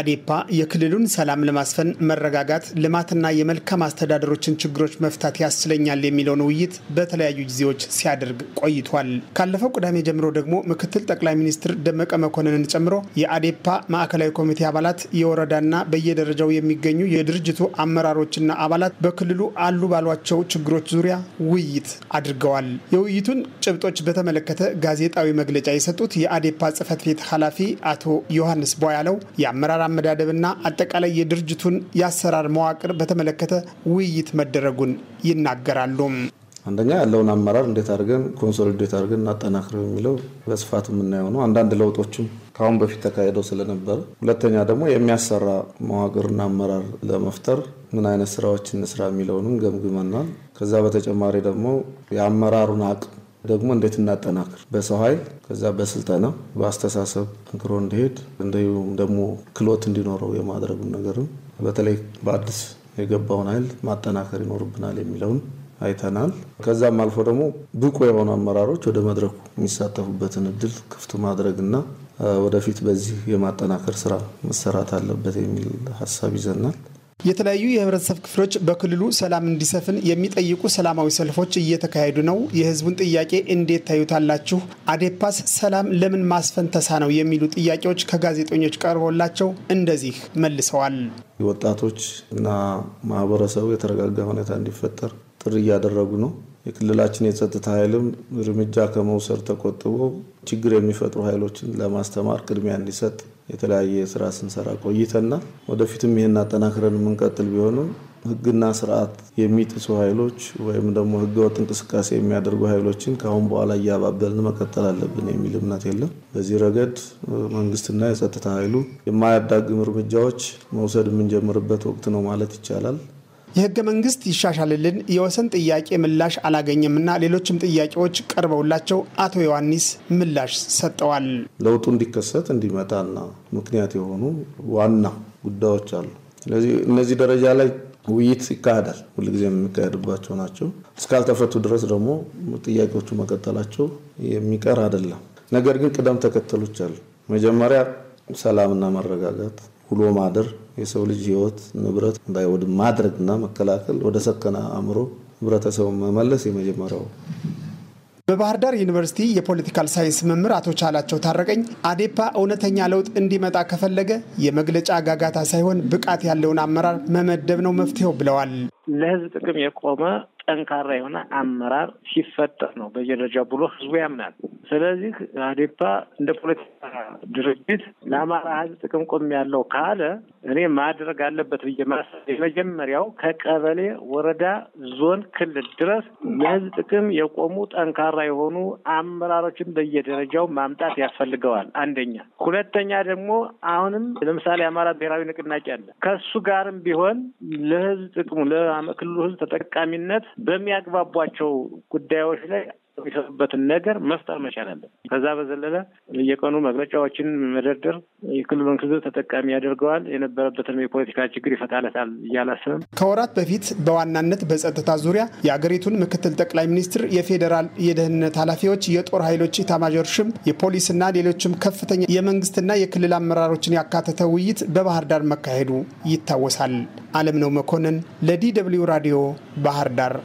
አዴፓ የክልሉን ሰላም ለማስፈን መረጋጋት፣ ልማትና የመልካም አስተዳደሮችን ችግሮች መፍታት ያስችለኛል የሚለውን ውይይት በተለያዩ ጊዜዎች ሲያደርግ ቆይቷል። ካለፈው ቅዳሜ ጀምሮ ደግሞ ምክትል ጠቅላይ ሚኒስትር ደመቀ መኮንንን ጨምሮ የአዴፓ ማዕከላዊ ኮሚቴ አባላት፣ የወረዳና በየደረጃው የሚገኙ የድርጅቱ አመራሮችና አባላት በክልሉ አሉ ባሏቸው ችግሮች ዙሪያ ውይይት አድርገዋል። የውይይቱን ጭብጦች በተመለከተ ጋዜጣዊ መግለጫ የሰጡት የአዴፓ ጽህፈት ቤት ኃላፊ አቶ ዮሐንስ ቧያለው የአመራር አመዳደብና አጠቃላይ የድርጅቱን የአሰራር መዋቅር በተመለከተ ውይይት መደረጉን ይናገራሉ። አንደኛ ያለውን አመራር እንዴት አድርገን ኮንሶሊዴት አድርገን እናጠናክረው የሚለው በስፋት የምናየው ነው። አንዳንድ ለውጦችም ከአሁን በፊት ተካሄደው ስለነበረ፣ ሁለተኛ ደግሞ የሚያሰራ መዋቅርና አመራር ለመፍጠር ምን አይነት ስራዎችን እንስራ የሚለውንም ገምግመናል። ከዛ በተጨማሪ ደግሞ የአመራሩን አቅም ደግሞ እንዴት እናጠናክር በሰው ኃይል ከዛ በስልጠና በአስተሳሰብ ጠንክሮ እንዲሄድ እንዲሁም ደግሞ ክሎት እንዲኖረው የማድረጉን ነገርም በተለይ በአዲስ የገባውን ኃይል ማጠናከር ይኖርብናል የሚለውን አይተናል። ከዛም አልፎ ደግሞ ብቁ የሆኑ አመራሮች ወደ መድረኩ የሚሳተፉበትን እድል ክፍት ማድረግና ወደፊት በዚህ የማጠናከር ስራ መሰራት አለበት የሚል ሀሳብ ይዘናል። የተለያዩ የህብረተሰብ ክፍሎች በክልሉ ሰላም እንዲሰፍን የሚጠይቁ ሰላማዊ ሰልፎች እየተካሄዱ ነው። የህዝቡን ጥያቄ እንዴት ታዩታላችሁ? አዴፓስ ሰላም ለምን ማስፈን ነው የሚሉ ጥያቄዎች ከጋዜጠኞች ቀርቦላቸው እንደዚህ መልሰዋል። ወጣቶች እና ማህበረሰቡ የተረጋጋ ሁኔታ እንዲፈጠር ጥሪ እያደረጉ ነው። የክልላችን የጸጥታ ኃይልም እርምጃ ከመውሰድ ተቆጥቦ ችግር የሚፈጥሩ ኃይሎችን ለማስተማር ቅድሚያ እንዲሰጥ የተለያየ ስራ ስንሰራ ቆይተና ወደፊትም ይህን አጠናክረን የምንቀጥል ቢሆንም ሕግና ስርዓት የሚጥሱ ኃይሎች ወይም ደግሞ ሕገወጥ እንቅስቃሴ የሚያደርጉ ኃይሎችን ከአሁን በኋላ እያባበልን መቀጠል አለብን የሚል እምነት የለም። በዚህ ረገድ መንግስትና የጸጥታ ኃይሉ የማያዳግም እርምጃዎች መውሰድ የምንጀምርበት ወቅት ነው ማለት ይቻላል። የህገ መንግስት ይሻሻልልን የወሰን ጥያቄ ምላሽ አላገኘምና ሌሎችም ጥያቄዎች ቀርበውላቸው አቶ ዮሐንስ ምላሽ ሰጠዋል። ለውጡ እንዲከሰት እንዲመጣና ምክንያት የሆኑ ዋና ጉዳዮች አሉ። ስለዚህ እነዚህ ደረጃ ላይ ውይይት ይካሄዳል። ሁልጊዜ የሚካሄድባቸው ናቸው። እስካልተፈቱ ድረስ ደግሞ ጥያቄዎቹ መቀጠላቸው የሚቀር አይደለም። ነገር ግን ቅደም ተከተሎች አሉ። መጀመሪያ ሰላምና መረጋጋት ውሎ ማደር የሰው ልጅ ህይወት ንብረት እንዳይወድም ማድረግና መከላከል ወደ ሰከነ አእምሮ ህብረተሰቡ መመለስ የመጀመሪያው። በባህር ዳር ዩኒቨርሲቲ የፖለቲካል ሳይንስ መምህር አቶ ቻላቸው ታረቀኝ አዴፓ እውነተኛ ለውጥ እንዲመጣ ከፈለገ የመግለጫ ጋጋታ ሳይሆን ብቃት ያለውን አመራር መመደብ ነው መፍትሄው ብለዋል። ለህዝብ ጥቅም የቆመ ጠንካራ የሆነ አመራር ሲፈጠር ነው በየደረጃው ብሎ ህዝቡ ያምናል። ስለዚህ አዴፓ እንደ ፖለቲካ ድርጅት ለአማራ ህዝብ ጥቅም ቆም ያለው ካለ እኔ ማድረግ አለበት ብዬ የመጀመሪያው ከቀበሌ፣ ወረዳ፣ ዞን፣ ክልል ድረስ ለህዝብ ጥቅም የቆሙ ጠንካራ የሆኑ አመራሮችን በየደረጃው ማምጣት ያስፈልገዋል። አንደኛ። ሁለተኛ ደግሞ አሁንም ለምሳሌ አማራ ብሔራዊ ንቅናቄ አለ። ከሱ ጋርም ቢሆን ለህዝብ ጥቅሙ ለክልሉ ህዝብ ተጠቃሚነት በሚያግባቧቸው ጉዳዮች ላይ የሚሰጡበትን ነገር መፍጠር መቻል አለ። ከዛ በዘለለ የቀኑ መግለጫዎችን መደርደር የክልሉ ሕዝብ ተጠቃሚ ያደርገዋል፣ የነበረበትን የፖለቲካ ችግር ይፈታለታል እያላስብም ከወራት በፊት በዋናነት በጸጥታ ዙሪያ የአገሪቱን ምክትል ጠቅላይ ሚኒስትር፣ የፌዴራል የደህንነት ኃላፊዎች፣ የጦር ኃይሎች ኢታማዦር ሹም፣ የፖሊስና ሌሎችም ከፍተኛ የመንግስትና የክልል አመራሮችን ያካተተ ውይይት በባህር ዳር መካሄዱ ይታወሳል። አለም ነው መኮንን ለዲ ደብልዩ ራዲዮ ባህር ዳር